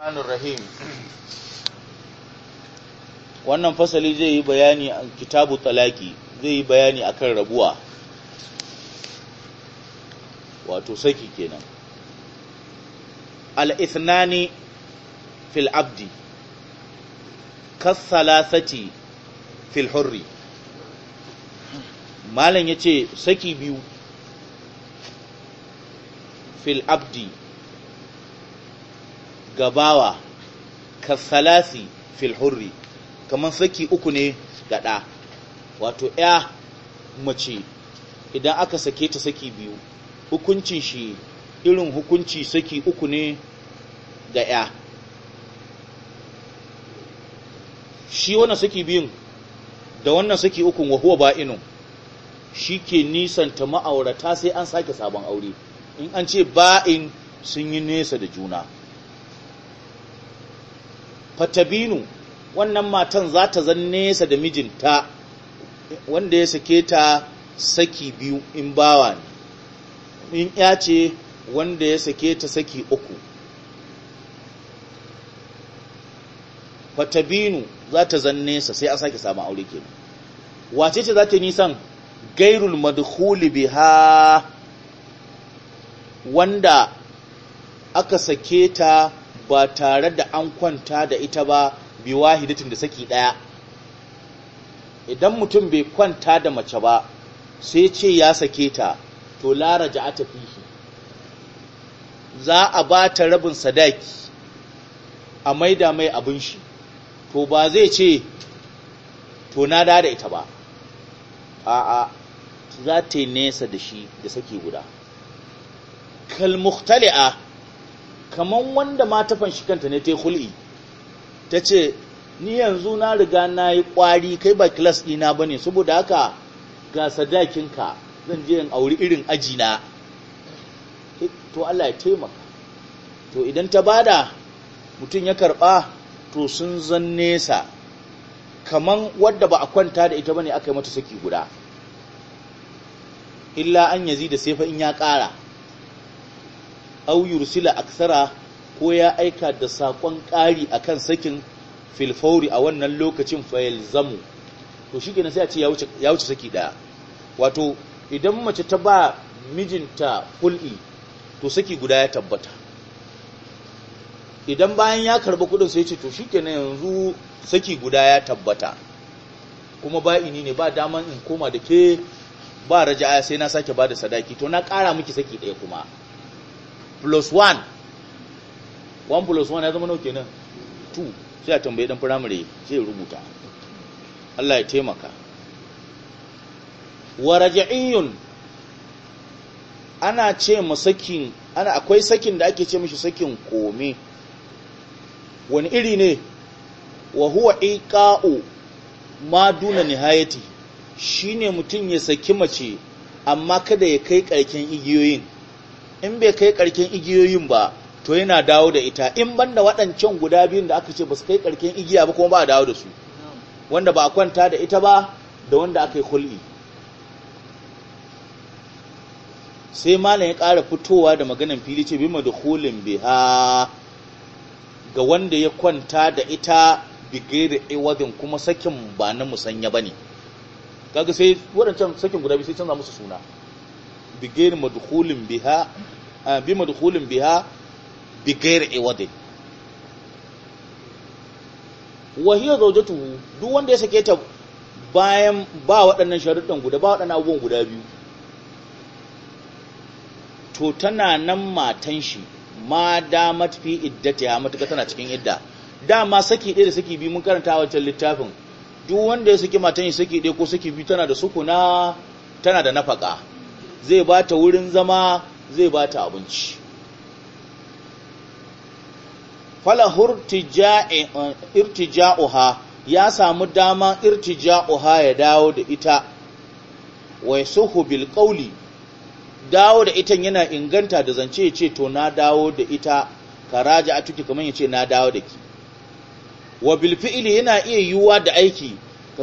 Rahim wannan fasali zai yi bayani a kitabu talaki zai yi bayani akan rabuwa wato saki kenan al-ithnani fil abdi kasalasati fil hurri malam yace saki biyu fil abdi gabawa salasi fil hurri kamar saki uku ne ga ɗa wato ya mace idan aka sake ta saki biyu hukuncin shi irin hukunci saki uku ne ga ya shi wannan saki biyun da wannan saki ukun wahuwa ba'inun shi ke nisanta ma'aurata sai an sake sabon aure in an ce ba'in sun yi nesa da juna fatabinu wannan matan za ta zan nesa da mijinta wanda ya sake ta saki biyu in bawa ne in ya ce wanda ya sake ta saki uku fatabinu za ta zan nesa sai a sake samun aure kenan wace ce za ta nisan gairul madhuli biha wanda aka sake ta ba tare da an kwanta da ita ba bi wahidatin da saki daya idan mutum bai kwanta da mace ba sai ce ya sake ta to laraja a tafihi za a ba ta rabin sadaki a maida mai abin shi to ba zai ce to na da da ita ba a'a za ta yi nesa da shi da sake guda kalmukhtali'a kaman wanda matafan shi kanta ne ta yi hul'i ta ce ni yanzu na riga na yi ƙwari kai ba kilas ɗina ba ne saboda haka ga sadakinka zan je in auri irin ajina to Allah ya taimaka to idan ta bada mutum ya karɓa to sun zan nesa kaman wadda ba a kwanta da ita ba ne aka yi mata saki guda illa an yazi da sefa in ya ƙara au yursila aksara ko ya aika da sakon ƙari akan sakin filfauri a wannan lokacin fayilzamu, to shi gina sai a ce ya wuce saki ɗaya wato idan mace ta ba mijinta hul'i to saki guda ya tabbata idan bayan ya karba kudin sai ce to shi gina yanzu saki guda ya tabbata kuma ini ne ba daman in koma da ke ba raja'a sai na sake ba da sadaki to na ƙara miki saki ɗaya kuma plus 1 1 plus 1 ya zama nauke nan, 2 sai a tambaye dan firamare sai rubuta Allah ya taimaka wa raja'iyun ana ce masakin ana akwai sakin da ake ce mishi sakin kome wani iri ne wa huwa iqa'u ma duna nihayati shine mutum ya saki mace amma kada ya kai karken igiyoyin in bai kai karken igiyoyin ba to yana dawo da ita in banda waɗancan guda biyun da aka ce ba su kai karken igiya ba kuma ba a dawo da su wanda ba a kwanta da ita ba da wanda aka yi hul'i sai malam ya ƙara fitowa da maganan fili ce bima da hulin biha ga wanda ya kwanta da ita da iwadin kuma sakin ba na musanya ba ne kaga sai waɗancan sakin guda biyu sai canza musu suna bigayar madhulin biha bi madhulin biha bigayar iwade wa hiya zawjatuhu duk wanda ya sake ta bayan ba waɗannan sharuɗan guda ba waɗannan abubuwan guda biyu to tana nan matan shi ma damat fi iddatiha matuka tana cikin idda dama saki ɗaya da saki biyu mun karanta a wancan littafin duk wanda ya saki matan shi saki ɗaya ko saki biyu tana da sukuna tana da nafaka zai ba ta wurin zama zai ba ta abinci falahur irtija'uha ya samu daman irtija'uha ya dawo da ita wai suhu bil dawo da ita yana inganta da zance ya ce to na dawo da ita ka raja a tuki kamar ya ce na dawo da ki wa bil yana iya yiwuwa da aiki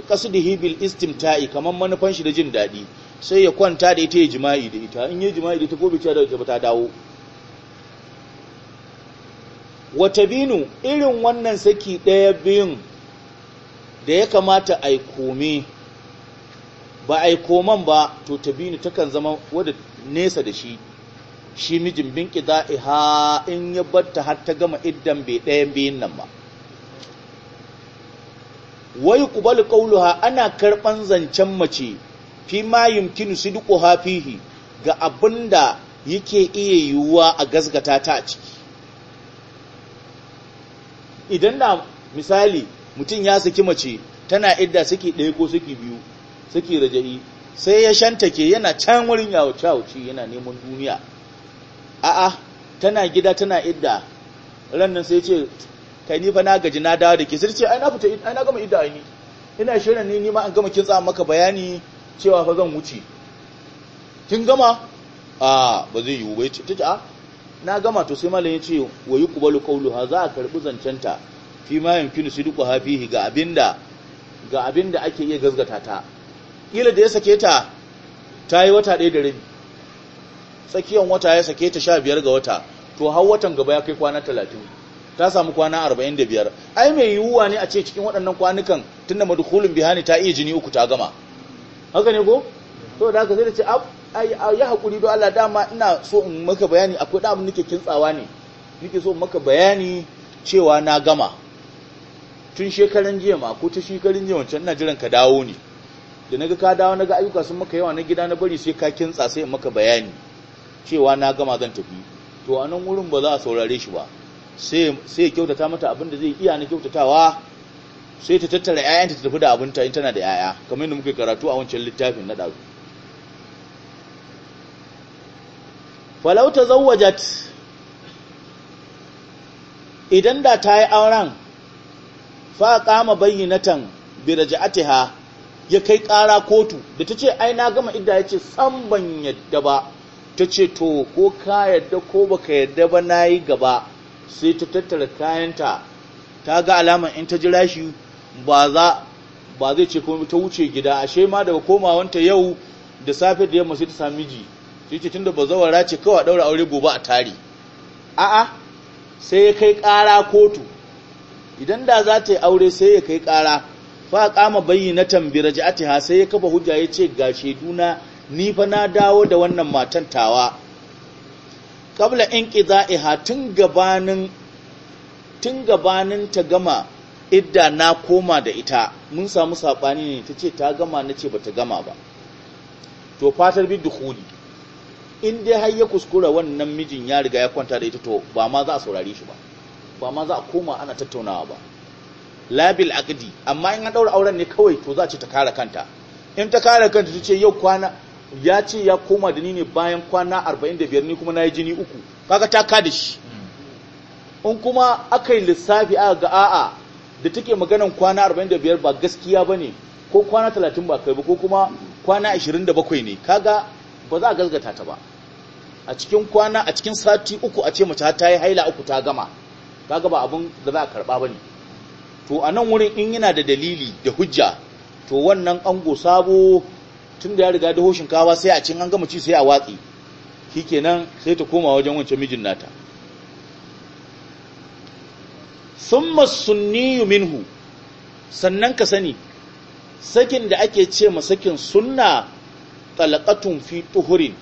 ka da hibil istimta'i kamar manufan shi da jin daɗi sai ya kwanta da ita ya jima'i da ita in yi jima'i da ita ko biciya da ita ba ta dawo wata binu irin wannan saki ɗaya biyun da ya kamata a kome ba a koman ba to ta binu takan zama wadda nesa da shi shi mijin bin ha in ya batta har ta gama iddan bai ɗayan biyun nan ba wai ƙubal ƙauluha ana karɓan zancen mace fi ma yumkinu sidquha hafihi ga abinda yake iya yiwuwa a gazgata ta a ciki idan da misali mutum ya saki mace tana idda suke ɗaya ko suke biyu suke raja'i sai ya ke yana can wurin yawuce-yawuce yana neman duniya a'a tana gida tana idda rannan sai ce kai ni fa na gaji na dawo da ke sai ce ai na fita ai na gama idda ai ina shirin ne ni ma an gama kin tsaya maka bayani cewa fa zan wuce kin gama a ba zai yiwu bai ce na gama to sai malam ya ce wa yi kubalu ha? za a karɓi zancenta fi ma yamkinu sidqu hafihi ga abinda ga abinda ake iya gazgata ta kila da ya sake ta ta yi wata ɗaya da rabi tsakiyan wata ya sake ta sha biyar ga wata to har watan gaba ya kai kwana talatin ta samu kwana arba'in da biyar ai mai yiwuwa ne a ce cikin waɗannan kwanukan tun da madukulun bihani ta iya jini uku ta gama haka ne ko to da haka sai da ce ya hakuri don Allah dama ina so in maka bayani akwai da nike kintsawa ne nike so maka bayani cewa na gama tun shekaran jiya ma ko ta shekarun jiya wancan ina jiran ka dawo ne da naga ka dawo naga ayyuka sun maka yawa na gida na bari sai ka kintsa sai in maka bayani cewa na gama zan tafi to a nan wurin ba za a saurare shi ba sai ya kyautata mata abin da zai iya na kyautatawa sai ta tattara 'ya'yanta ta tafi da abinta in tana da yaya kamar yadda muke karatu a wancan littafin na ɗaru. falau Zawajat, idan da ta yi auren fa kama biraji bi ha, ya kai ƙara kotu da ta ce ai na gama idda ya ce san ban yadda ba ta ce to ko ka yadda ko baka yadda ba na yi gaba sai ta tattara kayanta ta ga alaman in ta jira shi ba za ba zai ce kuma ta wuce gida ashe ma daga komawanta yau da safe da yamma sai ta sami miji sai ce tunda zawara ce kawai daura aure gobe a tare a'a sai ya kai ƙara kotu idan da za ta yi aure sai ya kai ƙara fa kama bayyanatan bi ha, sai ya kafa hujja ya ce ga sheduna ni fa na dawo da wannan matan tawa qabla inqida'iha tun gabanin tun gabanin ta gama idda na koma da ita mun samu saɓani ne ta ce ta gama na ce ba ta gama ba to fatar bi dukuli in dai har ya kuskura wannan mijin ya riga ya kwanta da ita to ba ma za a saurare shi ba ba ma za a koma ana tattaunawa ba labil aqdi amma in an daura auren ne kawai to za ce ta kare kanta in ta kare kanta ta ce yau kwana ya ce ya koma da ni ne bayan kwana 45 ni kuma na yi jini uku kaga ta kada shi hmm. in kuma aka yi lissafi aka ga a'a da take maganan kwana 45 ba gaskiya ba ne ko kwana 30 ba kai ba ko kuma kwana 27 ne kaga ba za a gasgata ta ba a cikin kwana a cikin sati uku a ce mace ta yi haila uku ta gama kaga ba abin da za a karba ba ne to a nan wurin in yana da dalili da hujja to wannan ango sabo tun da ya riga da hoshin kawa sai a cin an gama ci sai a watsi shikenan sai ta koma wajen wancan mijin nata Sun masunniyu minhu sannan ka sani sakin da ake ce ma sakin sunna talaqatun fi tuhurin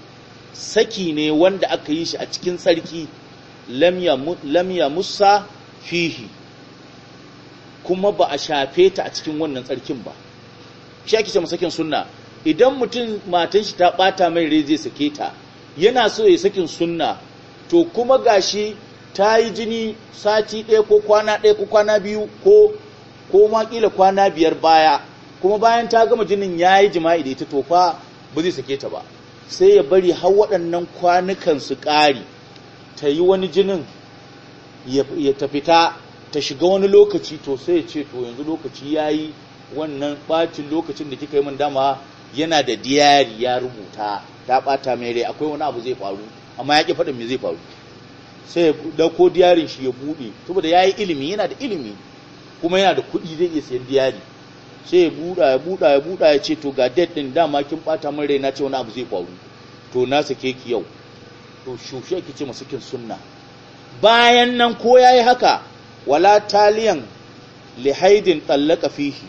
saki ne wanda aka yi shi a cikin tsarki lamya musa fihi kuma ba a shafe ta a cikin wannan tsarkin ba shi ake ce ma sakin sunna idan mutum matan shi ta ɓata mai rai zai sake ta yana so ya sakin sunna to kuma gashi ta yi jini sati ɗaya ko kwana ɗaya ko kwana biyu ko ko ma kwana biyar baya kuma bayan ta gama jinin ya yi jima'i da ita tofa ba zai sake ta ba sai ya bari har waɗannan kwanukan su ƙari ta yi wani jinin ya tafita ta shiga wani lokaci to sai ya ce to yanzu lokaci ya yi wannan ɓacin lokacin da kika yi min dama yana da diyari ya rubuta ta ɓata mai rai akwai wani abu zai faru amma ya ƙi faɗin me zai faru sai da dauko diyarin shi ya bude saboda yayi ilimi yana da ilimi kuma yana da kuɗi zai iya sayan diyari sai ya buɗa ya buɗa ya ce to ga dead din dama kin bata min rai na ce wani abu zai faru to na sake ki yau to shushe ki ce kin sunna bayan nan ko yayi haka wala taliyan lihaidin tallaka fihi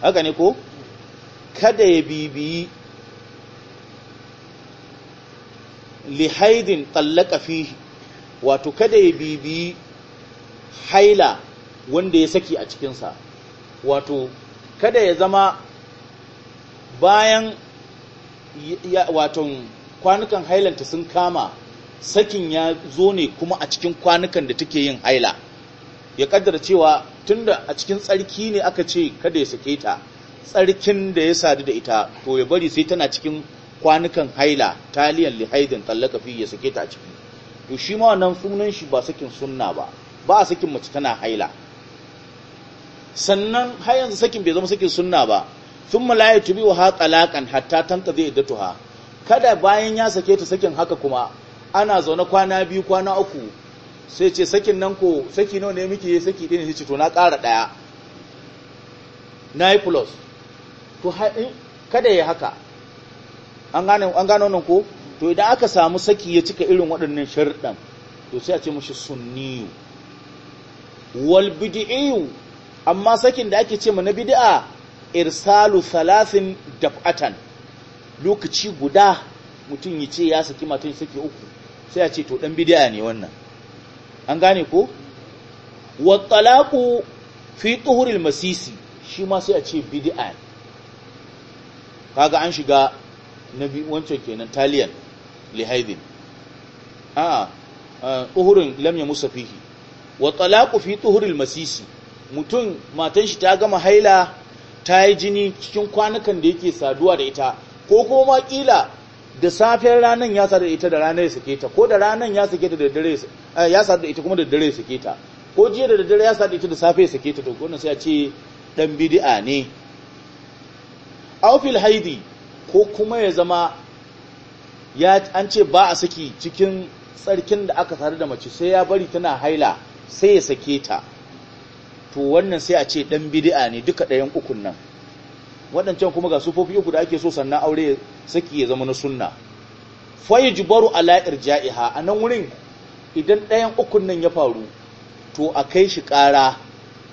haka ne ko kada ya bibiyi lihaidin tallaka fihi wato kada ya bibi haila wanda ya saki a cikinsa wato kada ya zama bayan wato kwanukan hailanta sun kama sakin ya zo ne kuma a cikin kwanukan da take yin haila ya kaddara cewa tunda a cikin tsarki ne aka ce kada ya sake ta tsarkin da ya sadu da ita to ya bari sai tana cikin kwanukan haila taliyan lihaidin tallaka fi ya sake ta a ciki to shi ma wannan sunan shi ba sakin sunna ba ba a sakin mace tana haila sannan har yanzu sakin bai zama sakin sunna ba sun malaya tubi wa laƙan. hatta tanta zai tuha. kada bayan ya sake ta sakin haka kuma ana zaune kwana biyu kwana uku sai ce sakin nan ko saki nawa ne muke saki ɗaya ne sai to na ƙara ɗaya na yi plus to kada ya haka an gane an ko to idan aka samu saki ya cika irin waɗannan sharɗan to sai a ce mashi sunniyu wal bid'iyu amma sakin da ake ce ma na bid'a irsalu thalathin daf'atan lokaci guda mutum ya ce ya saki matan saki uku sai a ce to dan bid'a ne wannan an gane ko wa talaqu fi tuhuril masisi shi ma sai a ce bid'a kaga an shiga na biyu wancan kenan taliyan lihaidin a uhurin lamya ya musa fihi wa talaqu fi tuhuril masisi mutum matan shi ta gama haila ta yi jini cikin kwanukan da yake saduwa da ita ko kuma kila da safiyar ranar ya sadu da ita da ranar ya sake ta ko da ranar ya sake ta da dare eh, ya sadu da ita kuma da dare ya sake ta ko jiya da dare ya sadu da ita da safe ya sake ta to wannan sai a ce dan bid'a ne aw fil haidi ko kuma ya zama ya an ce ba a saki cikin tsarkin da aka tare da mace sai ya bari tana haila sai ya sake ta to wannan sai a ce dan bid'a ne duka ɗayan ukun nan waɗancan kuma ga sufofi uku da ake so sannan aure saki ya zama na sunna fayujbaru ala irja'iha anan wurin idan ɗayan ukun nan ya faru to a kai shi ƙara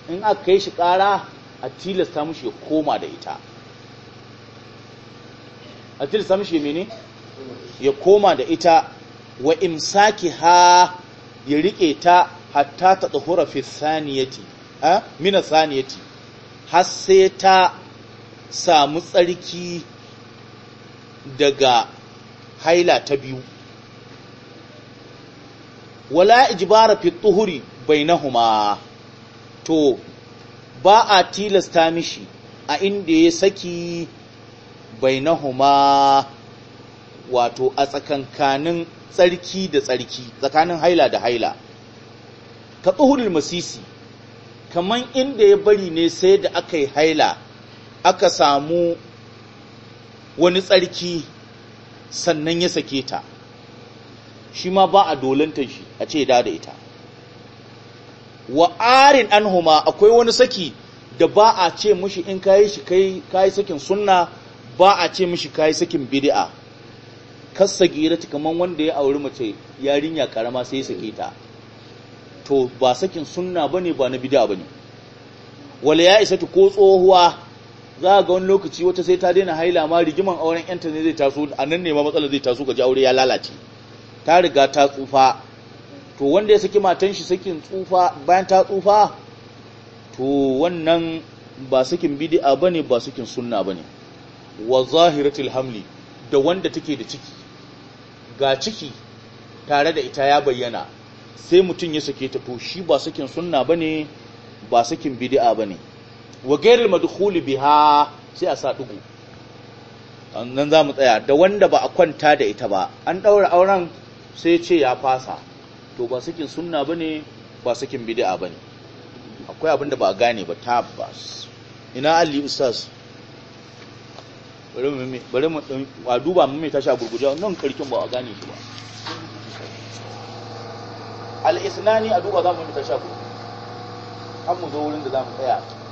in aka kai shi ƙara a tilasta mushi ya koma da ita a tilasta mishi ya koma da ita wa imsaki ha ya rike ta hatta ta tsohura fi saniyati ha mina saniyati har sai ta samu tsarki daga haila ta biyu wala ijbara fi tuhuri bainahuma to ba a tilasta mishi a inda ya saki bainahuma wato a tsakankanin tsarki da tsarki tsakanin haila da haila ka tsuhurul masisi kamar inda ya bari ne sai da aka yi haila aka samu wani tsarki sannan ya sake ta shi ma ba a dolantar shi a ce da da ita wa arin anhuma akwai wani saki da ba a ce mushi in kayi shi kai kayi sakin sunna ba a ce mishi kayi sakin bid'a kasa ta kaman wanda ya auri mace yarinya karama sai ya sake ta to ba sakin sunna bane ba na bid'a bane wala ya isa ta ko tsohuwa za a ga wani lokaci wata sai ta daina haila ma rigiman auren yanta ne zai taso a nan ne ma matsalar zai taso gaji aure ya lalace ta riga ta tsufa to wanda ya saki matan shi sakin tsufa bayan ta tsufa to wannan ba sakin bid'a bane ba sakin sunna bane wa zahiratul hamli da wanda take da ciki ga ciki tare da ita ya bayyana sai mutum ya sake ta to shi ba sakin sunna bane ba sakin bid'a bane wa ghairul madkhul biha sai a sa dugu nan za mu tsaya da wanda ba a kwanta da ita ba an daura auren sai ce ya fasa to ba sakin sunna bane ba sakin bid'a bane akwai abinda ba a gane ba tabbas ina ali ustaz bari mu a duba mu mai tashi a gurguje nan karkin ba a gane shi ba al-isnani a duba za mu mai tasha gurguje an mu zo wurin da za mu tsaya